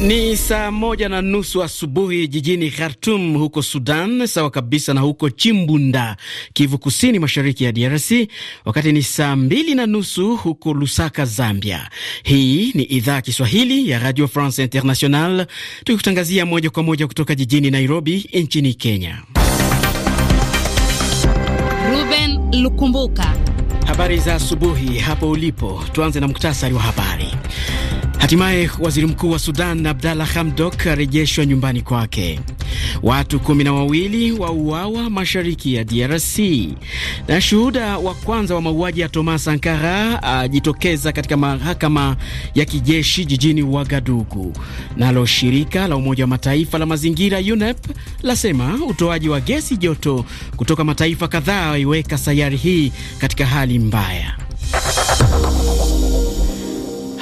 Ni saa moja na nusu asubuhi jijini Khartum huko Sudan, sawa kabisa na huko Chimbunda, Kivu Kusini, mashariki ya DRC. Wakati ni saa mbili na nusu huko Lusaka, Zambia. Hii ni idhaa ya Kiswahili ya Radio France International, tukikutangazia moja kwa moja kutoka jijini Nairobi nchini Kenya. Ruben Lukumbuka, habari za asubuhi hapo ulipo. Tuanze na muktasari wa habari. Hatimaye waziri mkuu wa Sudan Abdalla Hamdok arejeshwa nyumbani kwake. Watu kumi na wawili wauawa mashariki ya DRC na shuhuda wa kwanza wa mauaji ya Thomas Sankara ajitokeza katika mahakama ya kijeshi jijini Wagadugu. Nalo shirika la Umoja wa Mataifa la mazingira UNEP lasema utoaji wa gesi joto kutoka mataifa kadhaa waiweka sayari hii katika hali mbaya.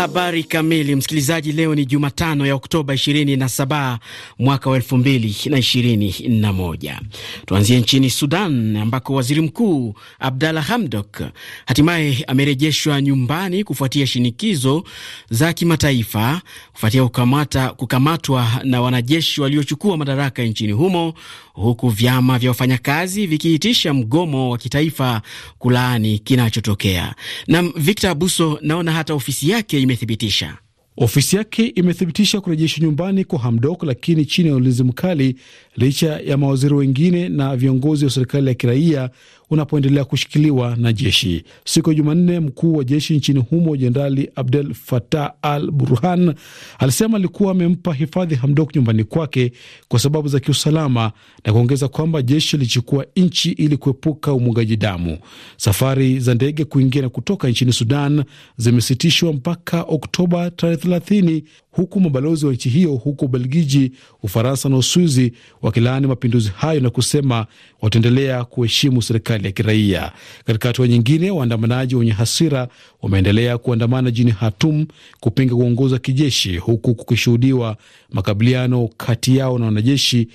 Habari kamili, msikilizaji. Leo ni Jumatano ya Oktoba 27 mwaka wa 2021. Tuanzie nchini Sudan ambako waziri mkuu Abdalla Hamdok hatimaye amerejeshwa nyumbani kufuatia shinikizo za kimataifa kufuatia kukamata, kukamatwa na wanajeshi waliochukua madaraka nchini humo huku vyama vya wafanyakazi vikiitisha mgomo wa kitaifa kulaani kinachotokea. nam Victor Abuso, naona hata ofisi yake imethibitisha ofisi yake imethibitisha kurejeshwa nyumbani kwa Hamdok, lakini chini ya ulinzi mkali, licha ya mawaziri wengine na viongozi wa serikali ya kiraia unapoendelea kushikiliwa na jeshi. Siku ya Jumanne, mkuu wa jeshi nchini humo Jenerali Abdel Fattah al Burhan alisema alikuwa amempa hifadhi Hamdok nyumbani kwake kwa sababu za kiusalama na kuongeza kwamba jeshi lilichukua nchi ili kuepuka umwagaji damu. Safari za ndege kuingia na kutoka nchini Sudan zimesitishwa mpaka Oktoba tarehe 30 huku mabalozi wa nchi hiyo huko Ubelgiji, Ufaransa na Uswizi wakilaani mapinduzi hayo na kusema wataendelea kuheshimu serikali serikali ya kiraia. Katika hatua nyingine, waandamanaji wenye hasira wameendelea kuandamana jini Hatum kupinga kuongoza kijeshi, huku kukishuhudiwa makabiliano kati yao na wanajeshi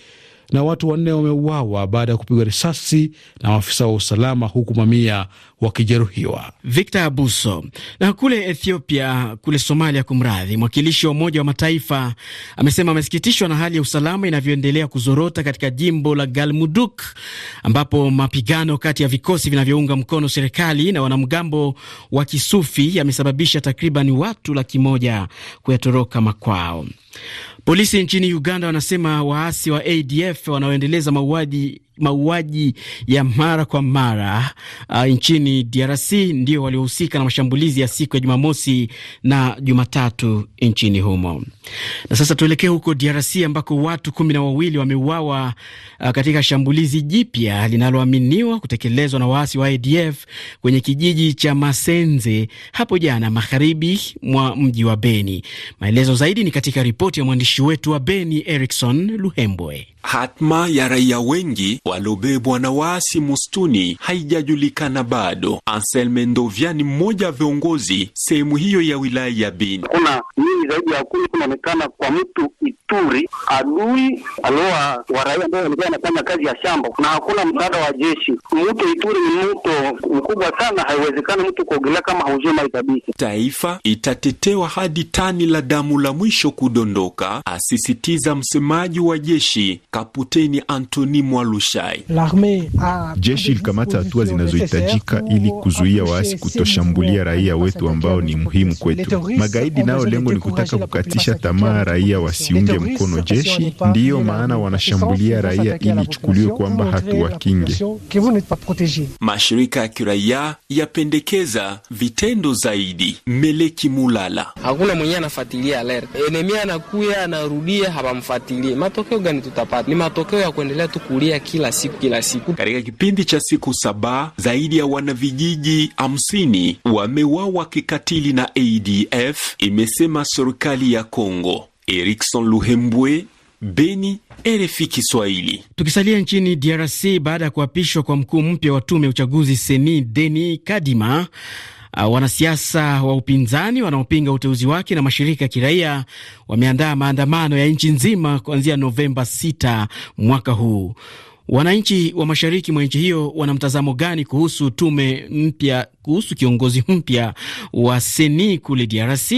na watu wanne wameuawa baada ya kupigwa risasi na maafisa wa usalama huku mamia wakijeruhiwa. Victor Abuso. Na kule Ethiopia, kule Somalia, kumradhi, mwakilishi wa Umoja wa Mataifa amesema amesikitishwa na hali ya usalama inavyoendelea kuzorota katika jimbo la Galmuduk ambapo mapigano kati ya vikosi vinavyounga mkono serikali na wanamgambo wa kisufi yamesababisha takriban watu laki moja kuyatoroka makwao. Polisi nchini Uganda wanasema waasi wa ADF wanaoendeleza mauaji mauaji ya mara kwa mara uh, nchini DRC ndio waliohusika na mashambulizi ya siku ya Jumamosi na Jumatatu nchini humo. Na sasa tuelekee huko DRC ambako watu kumi na wawili wameuawa uh, katika shambulizi jipya linaloaminiwa kutekelezwa na waasi wa ADF kwenye kijiji cha Masenze hapo jana magharibi mwa mji wa Beni. Maelezo zaidi ni katika ripoti ya mwandishi wetu wa Beni Erikson Luhembwe. Hatma ya raia wengi waliobebwa na waasi mustuni haijajulikana bado. Anselme Ndovya ni mmoja wa viongozi sehemu hiyo ya wilaya ya Bini. Kuna nyingi zaidi ya kumi kunaonekana kwa mtu Ituri, adui aloa wa raia ambayo walikuwa wanafanya kazi ya shamba, na hakuna msaada wa jeshi. Mto Ituri ni mto mkubwa sana, haiwezekani mtu kuogelea kama haujui maji kabisa. Taifa itatetewa hadi tani la damu la mwisho kudondoka, asisitiza msemaji wa jeshi Kaputeni Antoni Mwalushai. Jeshi ilikamata hatua zinazohitajika ili kuzuia waasi kutoshambulia raia wetu ambao ni muhimu kwetu. Magaidi nao lengo ni kutaka kukatisha tamaa raia wasiunge mkono jeshi, ndiyo maana wanashambulia raia ili ichukuliwe kwamba hatuwakinge. Mashirika ya kiraia yapendekeza vitendo zaidi. Meleki Mulala: hakuna mwenyewe anafuatilia alert, enemia anakuya anarudia, habamfuatilie matokeo gani tutapata? ni matokeo ya kuendelea tu kulia kila siku kila siku. Katika kipindi cha siku saba, zaidi ya wanavijiji hamsini wamewawa kikatili na ADF, imesema serikali ya congo Erikson Luhembwe, Beni, RFI Kiswahili. Tukisalia nchini DRC, baada ya kuapishwa kwa mkuu mpya wa tume ya uchaguzi Seni Deni Kadima Uh, wanasiasa wa upinzani wanaopinga uteuzi wake na mashirika ya kiraia wameandaa maandamano ya nchi nzima kuanzia Novemba 6 mwaka huu. Wananchi wa mashariki mwa nchi hiyo wana mtazamo gani kuhusu tume mpya, kuhusu kiongozi mpya wa seni kule DRC?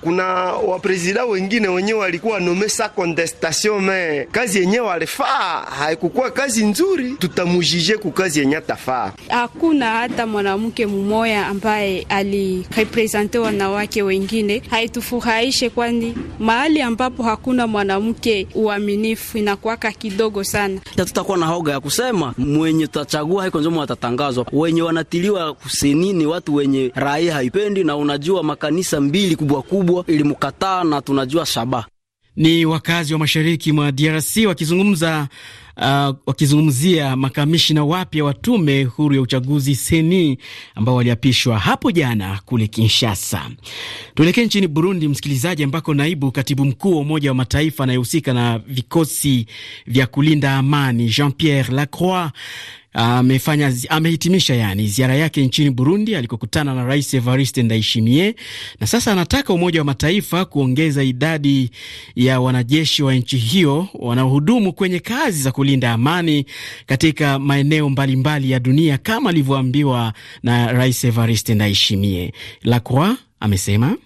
kuna wapresida wengine wenyewe walikuwa sa contestation me kazi yenyewe walifaa haikukuwa kazi nzuri, tutamujije ku kazi yenye atafaa Hakuna hata mwanamke mumoya ambaye alirepresente wanawake wengine, haitufurahishe, kwani mahali ambapo hakuna mwanamke uaminifu inakuwaka kidogo sana. Tutakuwa na hoga ya kusema mwenye tutachagua haiko ndio watatangazwa, wenye wanatiliwa kusenini, watu wenye raia haipendi, na unajua makanisa mbili kubwa kubwa kubwa ilimkataa, na tunajua shaba. ni wakazi wa mashariki mwa DRC wakizungumza uh, wakizungumzia makamishina wapya wa tume huru ya uchaguzi seni ambao waliapishwa hapo jana kule Kinshasa. Tuelekee nchini Burundi, msikilizaji, ambako naibu katibu mkuu wa Umoja wa Mataifa anayehusika na vikosi vya kulinda amani Jean Pierre Lacroix amefanya amehitimisha yani ziara yake nchini Burundi alikokutana na Rais Evariste Ndayishimiye, na sasa anataka Umoja wa Mataifa kuongeza idadi ya wanajeshi wa nchi hiyo wanaohudumu kwenye kazi za kulinda amani katika maeneo mbalimbali mbali ya dunia kama alivyoambiwa na Rais Evariste Ndayishimiye. Lacroix amesema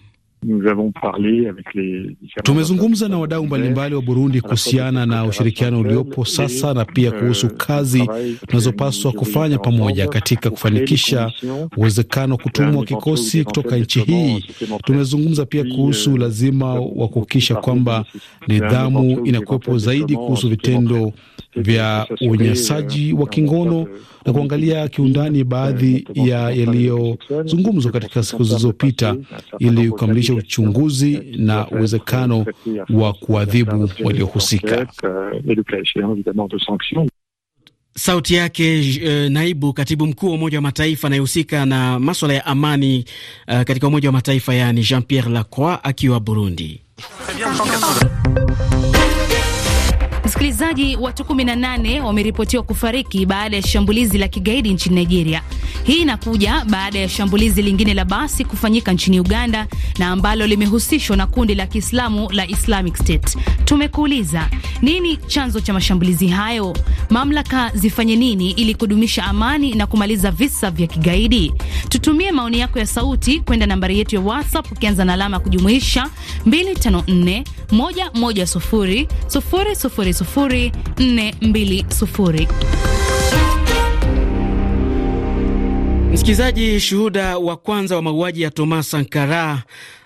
Tumezungumza na wadau mbalimbali wa Burundi kuhusiana na ushirikiano uliopo sasa na pia euh, kuhusu kazi tunazopaswa kufanya pamoja katika kufanikisha uwezekano wa kutumwa kikosi kutoka nchi hii. Tumezungumza pia kuhusu euh, lazima wa kuhakikisha kwamba nidhamu inakuwepo zaidi kuhusu vitendo vya euh, unyanyasaji wa kingono na kuangalia kiundani baadhi ya yaliyozungumzwa katika siku zilizopita ili kukamilisha kuimarisha uchunguzi na uwezekano wa kuadhibu waliohusika. Sauti yake eh, naibu katibu mkuu wa Umoja wa Mataifa anayehusika na maswala ya amani uh, katika Umoja wa Mataifa, yaani Jean Pierre Lacroix akiwa Burundi. Msikilizaji, watu 18 wameripotiwa kufariki baada ya shambulizi la kigaidi nchini Nigeria. Hii inakuja baada ya shambulizi lingine la basi kufanyika nchini Uganda na ambalo limehusishwa na kundi la Kiislamu la Islamic State. Tumekuuliza nini chanzo cha mashambulizi hayo, mamlaka zifanye nini ili kudumisha amani na kumaliza visa vya kigaidi? Tutumie maoni yako ya sauti kwenda nambari yetu ya WhatsApp ukianza na alama ya kujumuisha 254 110 000 sufuri. Msikilizaji, shuhuda wa kwanza wa mauaji ya Thomas Sankara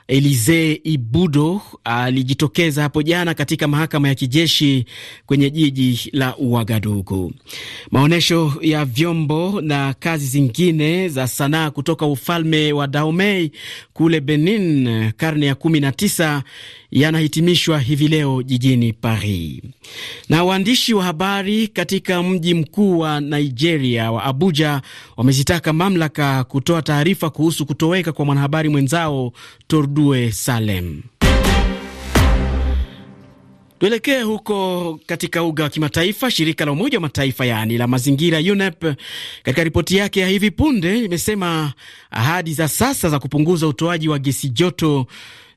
Elize Ibudo alijitokeza hapo jana katika mahakama ya kijeshi kwenye jiji la Uagadugu. Maonyesho ya vyombo na kazi zingine za sanaa kutoka ufalme wa Dahomey kule Benin karne ya kumi na tisa yanahitimishwa hivi leo jijini Paris. Na waandishi wa habari katika mji mkuu wa Nigeria wa Abuja wamezitaka mamlaka kutoa taarifa kuhusu kutoweka kwa mwanahabari mwenzao Tordue Salem. Tuelekee huko katika uga wa kimataifa. Shirika la Umoja wa Mataifa yaani la mazingira UNEP, katika ripoti yake ya hivi punde imesema ahadi za sasa za kupunguza utoaji wa gesi joto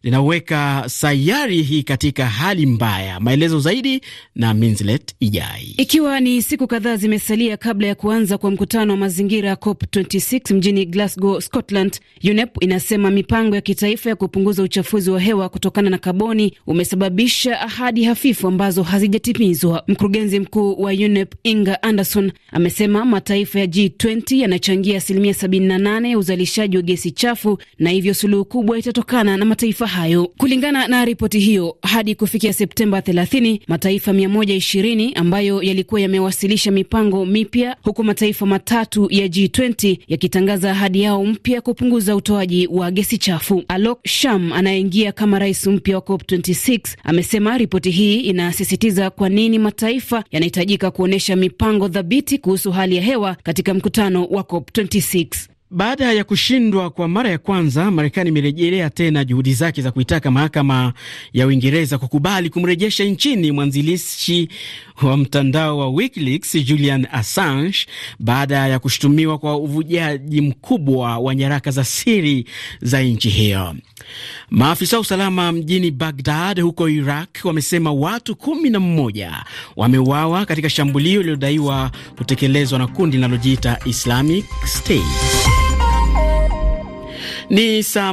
linaweka sayari hii katika hali mbaya. Maelezo zaidi na Minslet Ijai. Ikiwa ni siku kadhaa zimesalia kabla ya kuanza kwa mkutano wa mazingira ya COP26 mjini Glasgow, Scotland, UNEP inasema mipango ya kitaifa ya kupunguza uchafuzi wa hewa kutokana na kaboni umesababisha ahadi hafifu ambazo hazijatimizwa. Mkurugenzi mkuu wa UNEP Inga Anderson amesema mataifa ya G20 yanachangia asilimia 78 ya uzalishaji wa gesi chafu na hivyo suluhu kubwa itatokana na mataifa hayo. Kulingana na ripoti hiyo, hadi kufikia Septemba 30 mataifa 120 ambayo yalikuwa yamewasilisha mipango mipya, huku mataifa matatu ya G20 yakitangaza ahadi yao mpya kupunguza utoaji wa gesi chafu. Alok Sham anayeingia kama rais mpya wa COP26 amesema ripoti hii inasisitiza kwa nini mataifa yanahitajika kuonyesha mipango thabiti kuhusu hali ya hewa katika mkutano wa COP26. Baada ya kushindwa kwa mara ya kwanza, Marekani imerejelea tena juhudi zake za kuitaka mahakama ya Uingereza kukubali kumrejesha nchini mwanzilishi wa mtandao wa WikiLeaks Julian Assange baada ya kushutumiwa kwa uvujaji mkubwa wa nyaraka za siri za nchi hiyo. Maafisa wa usalama mjini Bagdad huko Iraq wamesema watu kumi na mmoja wameuawa katika shambulio lililodaiwa kutekelezwa na kundi linalojiita Islamic State. Ni saa